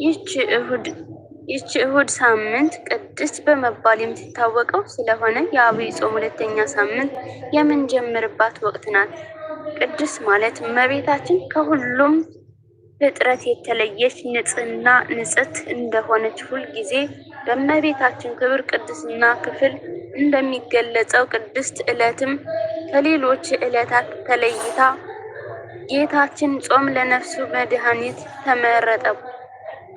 ይህች እሁድ ሳምንት ቅድስት በመባል የምትታወቀው ስለሆነ የአብይ ጾም ሁለተኛ ሳምንት የምንጀምርባት ወቅት ናት። ቅድስት ማለት እመቤታችን ከሁሉም ፍጥረት የተለየች ንጽህና ንጽት እንደሆነች ሁልጊዜ በእመቤታችን ክብር ቅድስና ክፍል እንደሚገለጸው ቅድስት ዕለትም ከሌሎች ዕለታት ተለይታ ጌታችን ጾም ለነፍሱ መድኃኒት ተመረጠው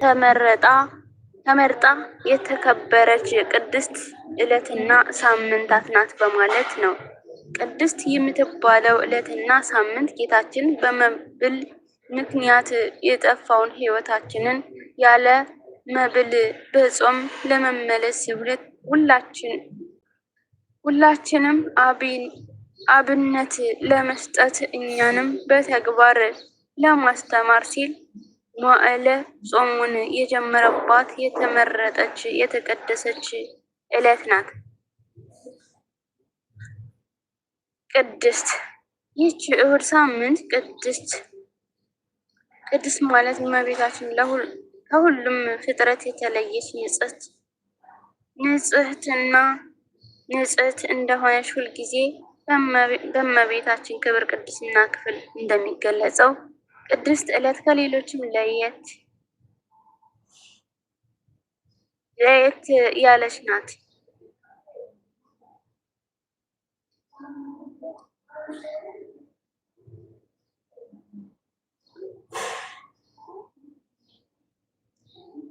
ተመርጣ የተከበረች ቅድስት ዕለትና ሳምንታት ናት በማለት ነው። ቅድስት የምትባለው ዕለትና ሳምንት ጌታችን በመብል ምክንያት የጠፋውን ሕይወታችንን ያለ መብል በጾም ለመመለስ ሲውለት ሁላችን ሁላችንም አብነት ለመስጠት እኛንም በተግባር ለማስተማር ሲል መዋዕለ ጾሙን የጀመረባት የተመረጠች የተቀደሰች ዕለት ናት። ቅድስት ይህች እሁድ ሳምንት ቅድስት ቅድስት ማለት እመቤታችን ከሁሉም ፍጥረት የተለየች ንጽሕት ንጽሕትና ንጽሕት እንደሆነች ሁልጊዜ በእመቤታችን ክብር ቅድስና ክፍል እንደሚገለጸው ቅድስት ዕለት ከሌሎችም ለየት ለየት ያለች ናት።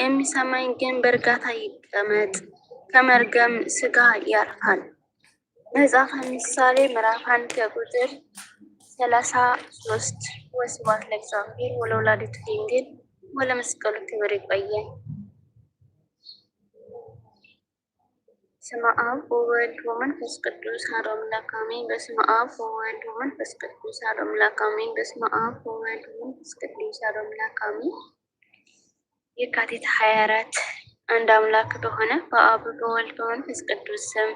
የሚሰማኝ ግን በእርጋታ ይቀመጥ፣ ከመርገም ስጋ ያርፋል። መጽሐፈ ምሳሌ ምዕራፍ አንድ ከቁጥር ሰላሳ ሶስት ወስብሐት ለእግዚአብሔር ወለወላዲቱ ድንግል ወለመስቀሉ ክብር ይቆየን። በስመ አብ ወወልድ ወመንፈስ ቅዱስ አሐዱ አምላክ አሜን። በስመ አብ ወወልድ ወመንፈስ ቅዱስ አሐዱ አምላክ አሜን። በስመ አብ ወወልድ ወመንፈስ ቅዱስ አሐዱ አምላክ አሜን። የካቲት አንድ አምላክ በሆነ በአብ በወልድ በመንፈስ ቅዱስ ስም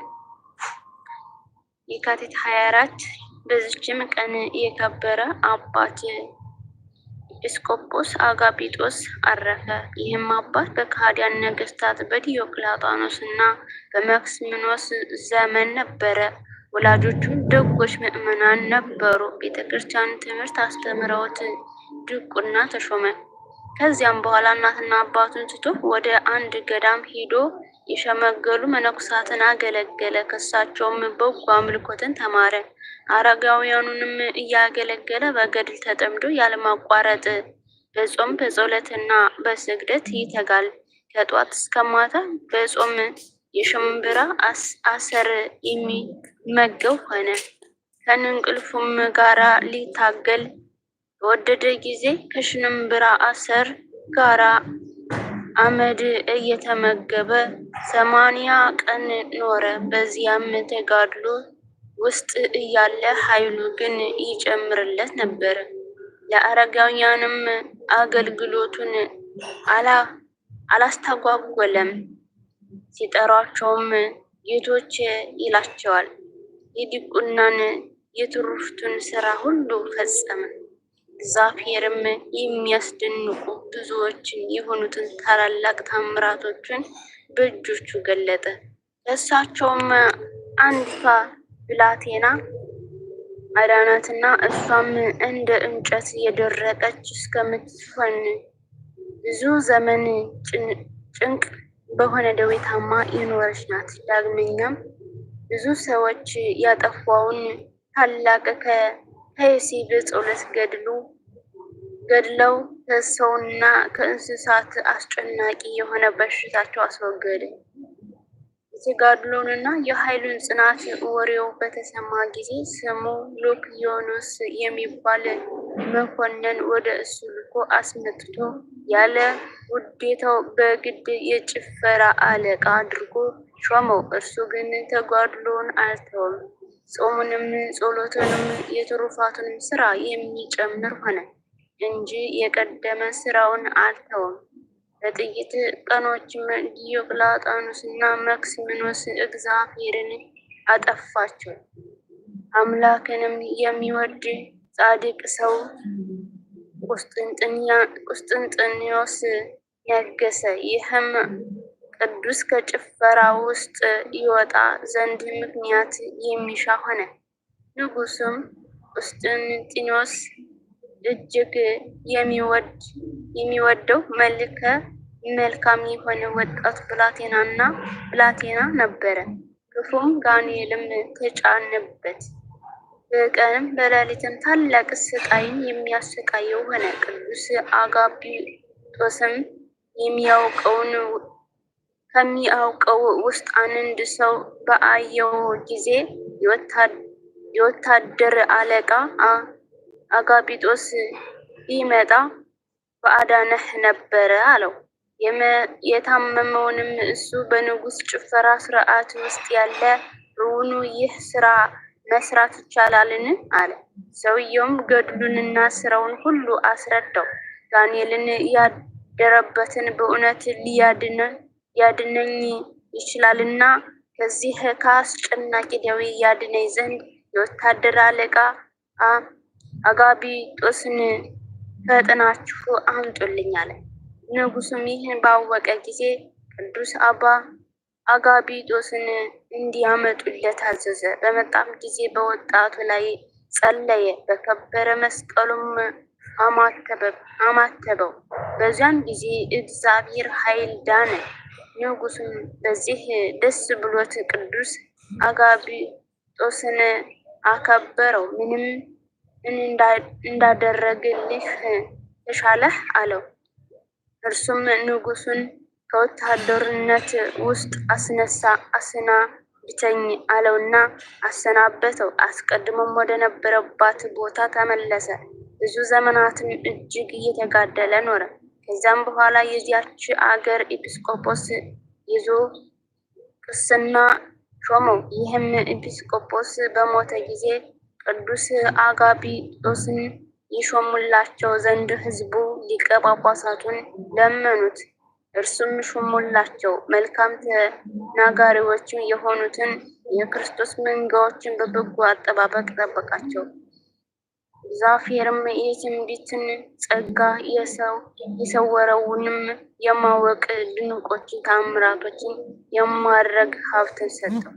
የካቲት በዚችም ቀን የከበረ አባት ኤጲስቆጶስ አጋጲጦስ አረፈ። ይህም አባት በካህዲያን ነገስታት በዲዮቅላጣኖስ እና በመክስምኖስ ዘመን ነበረ። ወላጆቹ ደጎች ምዕመናን ነበሩ። ቤተ ክርስቲያን ትምህርት አስተምረውት ድቁና ተሾመ። ከዚያም በኋላ እናትና አባቱን ትቶ ወደ አንድ ገዳም ሂዶ የሸመገሉ መነኩሳትን አገለገለ። ከሳቸውም በጎ አምልኮትን ተማረ። አረጋውያኑንም እያገለገለ በገድል ተጠምዶ ያለማቋረጥ በጾም በጸሎትና በስግደት ይተጋል። ከጧት እስከ ማታ በጾም የሽምብራ አሰር የሚመገብ ሆነ። ከእንቅልፉም ጋራ ሊታገል በወደደ ጊዜ ከሽምብራ አሰር ጋራ አመድ እየተመገበ ሰማንያ ቀን ኖረ። በዚያም ተጋድሎ ውስጥ እያለ ኃይሉ ግን ይጨምርለት ነበር። ለአረጋውያንም አገልግሎቱን አላስተጓጎለም። ሲጠሯቸውም ጌቶች ይላቸዋል። የዲቁናን የትሩፍቱን ስራ ሁሉ ፈጸመ። እግዚአብሔርም የሚያስደንቁ ብዙዎችን የሆኑትን ታላላቅ ታምራቶችን በእጆቹ ገለጠ። ከእሳቸውም አንዲቷ ብላቴና አዳናትና እሷም እንደ እንጨት የደረቀች እስከምትሆን ብዙ ዘመን ጭንቅ በሆነ ደዌ ታማ የኖረች ናት። ዳግመኛም ብዙ ሰዎች ያጠፋውን ታላቅ ከሲብፅ ሁለት ገድሉ ገድለው ከሰውና ከእንስሳት አስጨናቂ የሆነ በሽታቸው አስወገደ። የተጋድሎንና የኃይሉን ጽናት ወሬው በተሰማ ጊዜ ስሙ ሉክዮኖስ የሚባል መኮንን ወደ እሱ ልኮ አስመጥቶ ያለ ውዴታው በግድ የጭፈራ አለቃ አድርጎ ሾመው። እርሱ ግን ተጋድሎን አልተውም። ጾሙንም ጸሎቱንም የትሩፋቱንም ስራ የሚጨምር ሆነ እንጂ የቀደመ ስራውን አልተውም። በጥቂት ቀኖችም ዲዮቅላጣኖስና መክስምኖስ እግዚአብሔርን አጠፋቸው። አምላክንም የሚወድ ጻድቅ ሰው ቁስጥንጥንዮስ ነገሰ። ይህም ቅዱስ ከጭፈራ ውስጥ ይወጣ ዘንድ ምክንያት የሚሻ ሆነ። ንጉሱም ቁስጥንጢኖስ እጅግ የሚወደው መልከ መልካም የሆነ ወጣት ብላቴናና ብላቴና ነበረ። ክፉም ጋኔልም ተጫነበት። በቀንም በሌሊትም ታላቅ ስቃይን የሚያሰቃየው ሆነ። ቅዱስ አጋቢጦስም የሚያውቀውን ከሚያውቀው ውስጥ አንድ ሰው በአየው ጊዜ የወታደር አለቃ አጋቢጦስ ይመጣ በአዳነህ ነበረ አለው። የታመመውንም እሱ በንጉስ ጭፈራ ስርዓት ውስጥ ያለ በውኑ ይህ ስራ መስራት ይቻላልን? አለ። ሰውየውም ገድሉንና ስራውን ሁሉ አስረዳው። ዳንኤልን ያደረበትን በእውነት ሊያድነን ያድነኝ ይችላልና ከዚህ ከአስጨናቂ ደዌ ያድነኝ ዘንድ የወታደር አለቃ አጋቢጦስን ፈጥናችሁ አምጡልኝ አለ። ንጉሱም ይህን ባወቀ ጊዜ ቅዱስ አባ አጋቢጦስን እንዲያመጡለት አዘዘ። በመጣም ጊዜ በወጣቱ ላይ ጸለየ፣ በከበረ መስቀሉም አማተበው። በዚያም ጊዜ እግዚአብሔር ኃይል ዳነ። ንጉሡም በዚህ ደስ ብሎት ቅዱስ አጋቢጦስን አከበረው። ምንም እንዳደረግልህ ተሻለህ አለው። እርሱም ንጉሱን ከወታደርነት ውስጥ አስነሳ አስና አሰናብተኝ አለውና አሰናበተው። አስቀድሞም ወደ ነበረባት ቦታ ተመለሰ። ብዙ ዘመናትም እጅግ እየተጋደለ ኖረ። ከዚያም በኋላ የዚያች አገር ኤጲስቆጶስ ይዞ ቅስና ሾመው። ይህም ኤጲስቆጶስ በሞተ ጊዜ ቅዱስ አጋቢጦስን ይሾሙላቸው ዘንድ ሕዝቡ ሊቀ ጳጳሳቱን ለመኑት። እርሱም ሾሙላቸው። መልካም ተናጋሪዎችም የሆኑትን የክርስቶስ መንጋዎችን በበጎ አጠባበቅ ጠበቃቸው። ዛፌርም የትንቢትን ጸጋ የሰወረውንም የማወቅ ድንቆችን ታምራቶችን የማድረግ ሀብትን ሰጠው።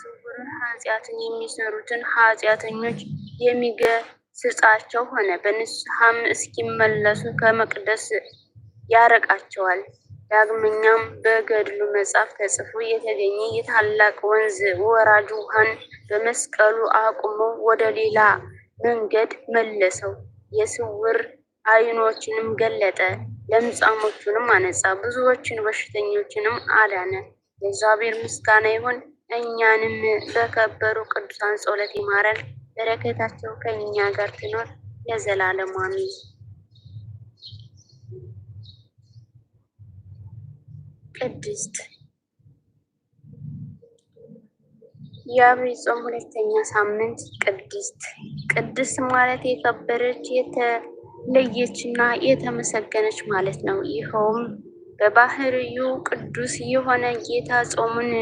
ስውርን ኃጢአትን የሚሰሩትን ኃጢአተኞች የሚገስጻቸው ሆነ። በንስሐም እስኪመለሱ ከመቅደስ ያረቃቸዋል። ዳግመኛም በገድሉ መጽሐፍ ተጽፎ የተገኘ የታላቅ ወንዝ ወራጅ ውሃን በመስቀሉ አቁሞ ወደ ሌላ መንገድ መለሰው። የስውር አይኖችንም ገለጠ፣ ለምጻሞቹንም አነጻ፣ ብዙዎችን በሽተኞችንም አዳነ። የእግዚአብሔር ምስጋና ይሁን፣ እኛንም በከበሩ ቅዱሳን ጸሎት ይማረን። በረከታቸው ከእኛ ጋር ትኖር ለዘላለም አሜን። ቅድስት የአብይ ጾም ሁለተኛ ሳምንት ቅድስት ቅድስት ማለት የከበረች የተለየች እና የተመሰገነች ማለት ነው። ይኸውም በባህርዩ ቅዱስ የሆነ ጌታ ጾሙን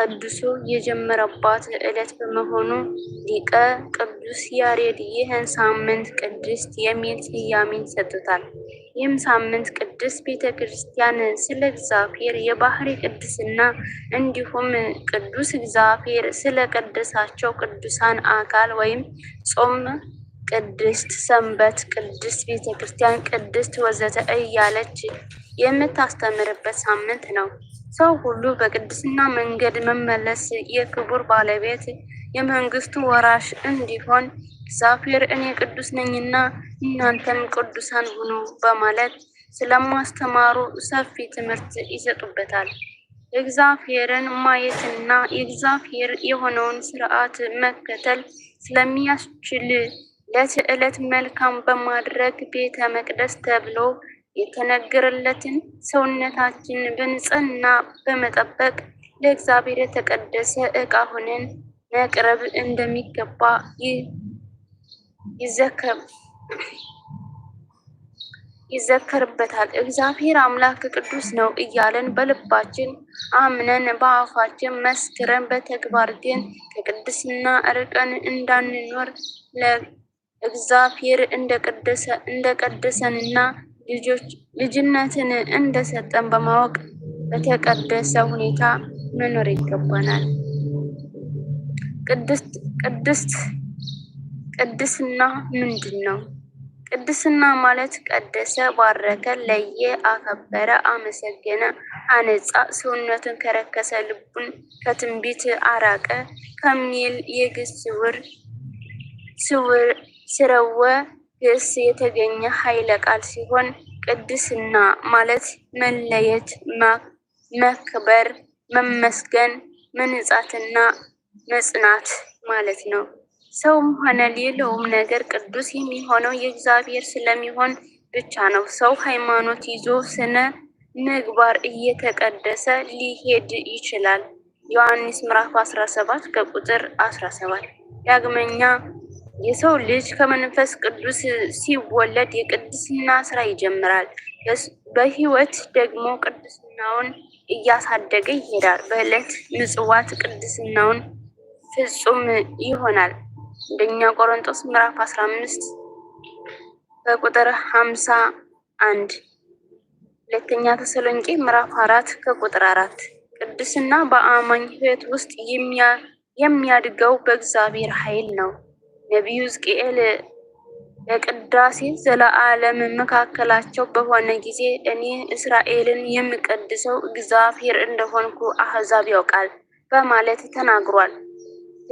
ተቀድሶ የጀመረባት ዕለት በመሆኑ ሊቀ ቅዱስ ያሬድ ይህን ሳምንት ቅድስት የሚል ስያሜን ሰጥቷል። ይህም ሳምንት ቅድስት ቤተ ክርስቲያን ስለ እግዚአብሔር የባህሪ ቅድስና እንዲሁም ቅዱስ እግዚአብሔር ስለ ቅድሳቸው ቅዱሳን አካል ወይም ጾም ቅድስት ሰንበት፣ ቅድስት ቤተ ክርስቲያን፣ ቅድስት ወዘተ እያለች የምታስተምርበት ሳምንት ነው። ሰው ሁሉ በቅድስና መንገድ መመለስ የክቡር ባለቤት የመንግስቱ ወራሽ እንዲሆን እግዚአብሔር እኔ ቅዱስ ነኝና እናንተም ቅዱሳን ሁኑ በማለት ስለማስተማሩ ሰፊ ትምህርት ይሰጡበታል። እግዚአብሔርን ማየትና የእግዚአብሔር የሆነውን ስርዓት መከተል ስለሚያስችል ዕለት ዕለት መልካም በማድረግ ቤተ መቅደስ ተብሎ የተነገረለትን ሰውነታችን በንጽህና በመጠበቅ ለእግዚአብሔር የተቀደሰ ዕቃ ሆነን መቅረብ እንደሚገባ ይዘከርበታል። እግዚአብሔር አምላክ ቅዱስ ነው እያለን በልባችን አምነን በአፋችን መስክረን በተግባር ግን ከቅድስና ርቀን እንዳንኖር እግዚአብሔር እንደቀደሰንና ልጅነትን እንደሰጠን በማወቅ በተቀደሰ ሁኔታ መኖር ይገባናል። ቅድስት ቅድስና ምንድን ነው? ቅድስና ማለት ቀደሰ፣ ባረከ፣ ለየ፣ አከበረ፣ አመሰገነ፣ አነጻ፣ ሰውነቱን ከረከሰ፣ ልቡን ከትንቢት አራቀ ከሚል የግስ ስውር ስረወ ግስ የተገኘ ኃይለ ቃል ሲሆን ቅድስና ማለት መለየት፣ መክበር፣ መመስገን፣ መንጻትና መጽናት ማለት ነው። ሰውም ሆነ ሌላውም ነገር ቅዱስ የሚሆነው የእግዚአብሔር ስለሚሆን ብቻ ነው። ሰው ሃይማኖት ይዞ ስነ ምግባር እየተቀደሰ ሊሄድ ይችላል። ዮሐንስ ምዕራፍ 17 ከቁጥር 17 ዳግመኛ የሰው ልጅ ከመንፈስ ቅዱስ ሲወለድ የቅድስና ስራ ይጀምራል። በህይወት ደግሞ ቅድስናውን እያሳደገ ይሄዳል። በዕለት ምጽዋት ቅድስናውን ፍጹም ይሆናል። አንደኛ ቆሮንቶስ ምዕራፍ 15 ከቁጥር 51፣ ሁለተኛ ተሰሎንቄ ምዕራፍ 4 ከቁጥር 4። ቅድስና በአማኝ ህይወት ውስጥ የሚያድገው በእግዚአብሔር ኃይል ነው። ነቢዩ ሕዝቅኤል በቅዳሴ ዘለዓለም መካከላቸው በሆነ ጊዜ እኔ እስራኤልን የምቀድሰው እግዚአብሔር እንደሆንኩ አህዛብ ያውቃል በማለት ተናግሯል።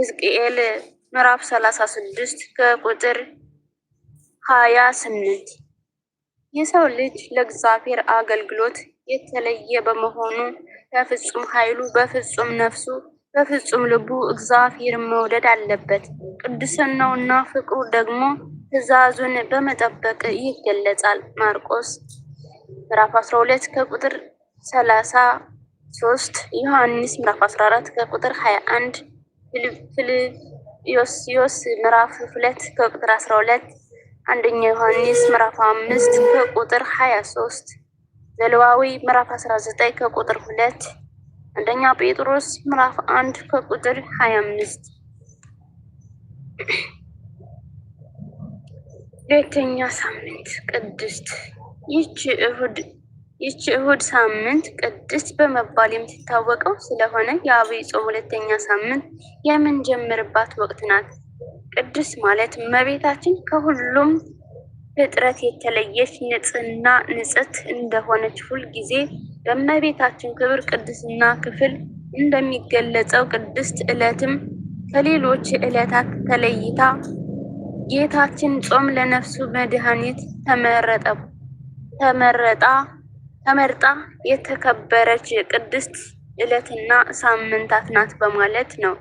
ሕዝቅኤል ምዕራፍ 36 ከቁጥር 28። የሰው ልጅ ለእግዚአብሔር አገልግሎት የተለየ በመሆኑ በፍጹም ኃይሉ በፍጹም ነፍሱ በፍጹም ልቡ እግዚአብሔር መውደድ አለበት። ቅድስናውና ፍቅሩ ደግሞ ትእዛዙን በመጠበቅ ይገለጻል። ማርቆስ ምዕራፍ 12 ከቁጥር 33፣ ዮሐንስ ምዕራፍ 14 ከቁጥር 21፣ ፊልጵስዩስ ምዕራፍ 2 ከቁጥር 12፣ አንደኛ ዮሐንስ ምዕራፍ 5 ከቁጥር 23፣ ዘሌዋዊ ምዕራፍ 19 ከቁጥር 2 አንደኛ ጴጥሮስ ምዕራፍ አንድ ከቁጥር 25 ሁለተኛ ሳምንት ቅድስት ይቺ እሁድ ይቺ እሁድ ሳምንት ቅድስት በመባል የምትታወቀው ስለሆነ የአብይ ጾም ሁለተኛ ሳምንት የምንጀምርባት ወቅት ናት። ቅድስት ማለት እመቤታችን ከሁሉም ፍጥረት የተለየች ንጽህና ንጽት እንደሆነች ሁልጊዜ በእመቤታችን ክብር ቅድስና ክፍል እንደሚገለጸው ቅድስት ዕለትም ከሌሎች ዕለታት ተለይታ ጌታችን ጾም ለነፍሱ መድኃኒት ተመረጣ ተመርጣ የተከበረች ቅድስት ዕለትና ሳምንታት ናት በማለት ነው።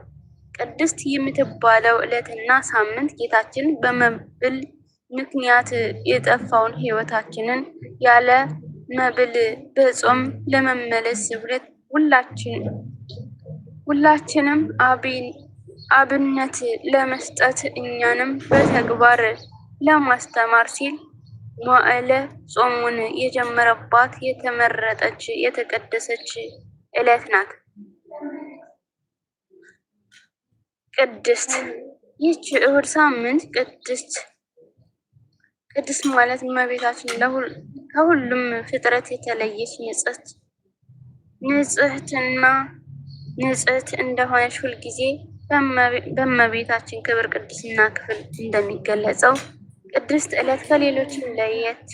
ቅድስት የምትባለው ዕለትና ሳምንት ጌታችን በመብል ምክንያት የጠፋውን ሕይወታችንን ያለ መብል በጾም ለመመለስ ህብረት ሁላችንም አብነት ለመስጠት እኛንም በተግባር ለማስተማር ሲል መዋዕለ ጾሙን የጀመረባት የተመረጠች የተቀደሰች ዕለት ናት። ቅድስት ይህች እሁድ ሳምንት ቅድስት ቅድስት ማለት እመቤታችን ለሁሉ ከሁሉም ፍጥረት የተለየች ንጽሕት ንጽህትና ንጽህት እንደሆነች ሁልጊዜ በእመቤታችን ክብር ቅድስና ክፍል እንደሚገለጸው ቅድስት ዕለት ከሌሎችም ለየት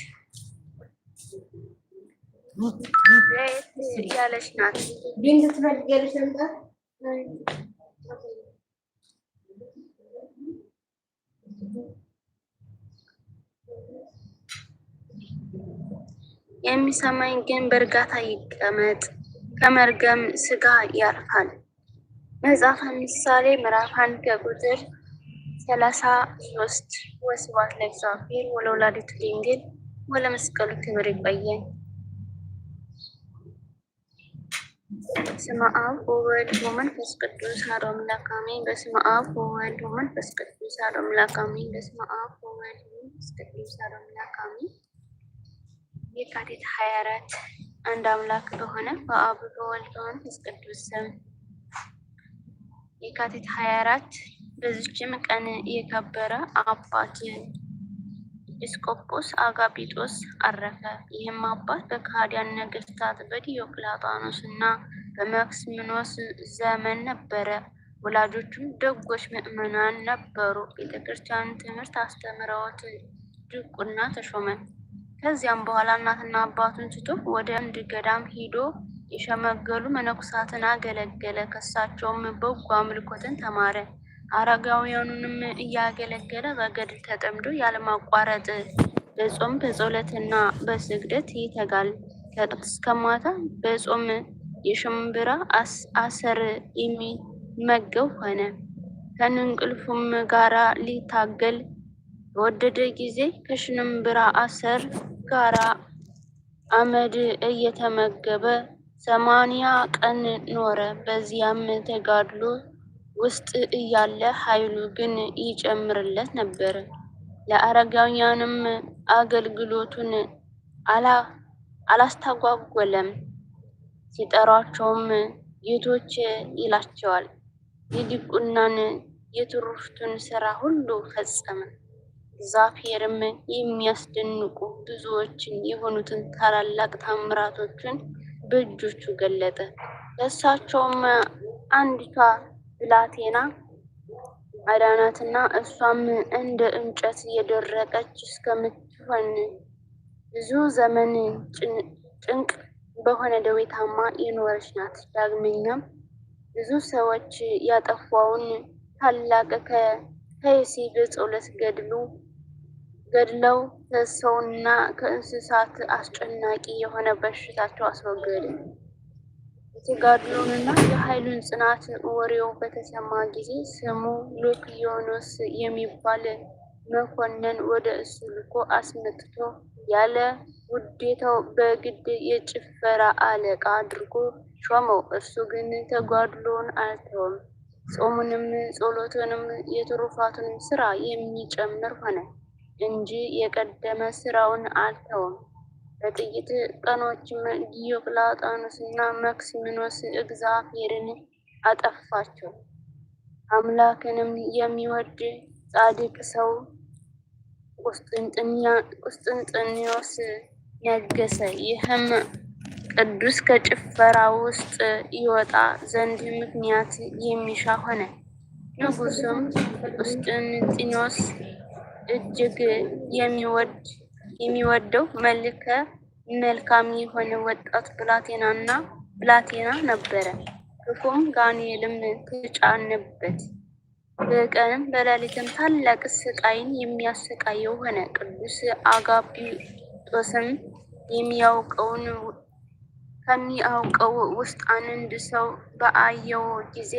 ለየት ያለች ናት። የሚሰማኝ ግን በእርጋታ ይቀመጥ፣ ከመርገም ስጋ ያርፋል። መጽሐፈ ምሳሌ ምዕራፍ አንድ ከቁጥር ሰላሳ ሶስት ወስብሐት ለእግዚአብሔር ወለወላዲቱ ድንግል ወለመስቀሉ ክብር። ይቆየን። በስመ አብ ወወልድ ወመንፈስ ቅዱስ አሐዱ አምላክ አሜን። በስመ አብ ወወልድ ወመንፈስ ቅዱስ አሐዱ አምላክ አሜን። በስመ አብ ወወልድ ወመንፈስ ቅዱስ አሐዱ አምላክ አሜን። የካቲት 24 አንድ አምላክ በሆነ በአብ በወልድ በመንፈስ ቅዱስ ስም የካቲት 24 በዚችም ቀን የከበረ አባት ኤጲስቆጶስ አጋቢጦስ አረፈ። ይህም አባት በከሃዲያን ነገስታት በዲዮቅላጣኖስ እና በመክስምኖስ ዘመን ነበረ። ወላጆቹም ደጎች ምዕመናን ነበሩ። ቤተክርስቲያን ትምህርት አስተምረውት ድቁና ተሾመ። ከዚያም በኋላ እናትና አባቱን ትቶ ወደ አንድ ገዳም ሂዶ የሸመገሉ መነኩሳትን አገለገለ። ከሳቸውም በጎ አምልኮትን ተማረ። አረጋውያኑንም እያገለገለ በገድል ተጠምዶ ያለማቋረጥ በጾም በጸሎትና በስግደት ይተጋል። ከጠዋት እስከ ማታ በጾም የሽምብራ አሰር የሚመገብ ሆነ። ከእንቅልፉም ጋራ ሊታገል በወደደ ጊዜ ከሽንብራ አሰር ጋራ አመድ እየተመገበ ሰማንያ ቀን ኖረ። በዚያም ተጋድሎ ውስጥ እያለ ኃይሉ ግን ይጨምርለት ነበር። ለአረጋውያንም አገልግሎቱን አላስተጓጎለም። ሲጠሯቸውም ጌቶች ይላቸዋል። የዲቁናን የትሩፍቱን ስራ ሁሉ ፈጸመ። ዛፌርም የሚያስደንቁ ብዙዎችን የሆኑትን ታላላቅ ታምራቶችን በእጆቹ ገለጠ። ለእሳቸውም አንዲቷ ብላቴና አዳናትና እሷም እንደ እንጨት የደረቀች እስከምትሆን ብዙ ዘመን ጭንቅ በሆነ ደዌ ታማ የኖረች ናት። ዳግመኛም ብዙ ሰዎች ያጠፋውን ታላቅ ከየሴ በጸሎት ገድሉ ገድለው ከሰውና ከእንስሳት አስጨናቂ የሆነ በሽታቸው አስወገደ። የተጋድሎንና የኃይሉን ጽናት ወሬው በተሰማ ጊዜ ስሙ ሉክዮኖስ የሚባል መኮንን ወደ እሱ ልኮ አስመጥቶ ያለ ውዴታው በግድ የጭፈራ አለቃ አድርጎ ሾመው። እርሱ ግን ተጓድሎን አልተውም። ጾሙንም ጸሎቱንም የትሩፋቱንም ስራ የሚጨምር ሆነ። እንጂ የቀደመ ስራውን አልተውም። በጥቂት ቀኖችም ዲዮቅልጥያኖስና መክሲምኖስ እግዚአብሔርን አጠፋቸው። አምላክንም የሚወድ ጻድቅ ሰው ቁስጥንጥንዮስ ነገሰ። ይህም ቅዱስ ከጭፈራ ውስጥ ይወጣ ዘንድ ምክንያት የሚሻ ሆነ። ንጉሱም ቁስጥንጥንዮስ እጅግ የሚወደው መልከ መልካም የሆነ ወጣት ብላቴናና ብላቴና ነበረ። ክፉም ጋኔልም ተጫነበት። በቀንም በሌሊትም ታላቅ ስቃይን የሚያሰቃየው ሆነ። ቅዱስ አጋቢጦስም የሚያውቀውን ከሚያውቀው ውስጥ አንድ ሰው በአየው ጊዜ